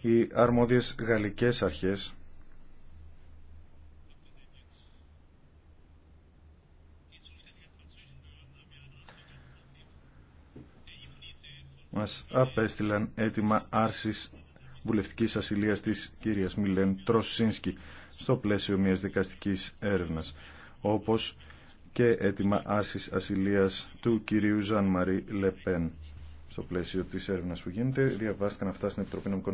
οι αρμόδιες γαλλικές αρχές μας απέστειλαν έτοιμα άρσης βουλευτικής ασυλίας της κυρίας Μιλέν Τροσίνσκι στο πλαίσιο μιας δικαστικής έρευνας, όπως και έτοιμα άρσης ασυλίας του κυρίου Ζαν Μαρί Λεπέν. Στο πλαίσιο της έρευνας που γίνεται, διαβάστηκαν αυτά στην Επιτροπή Νομικών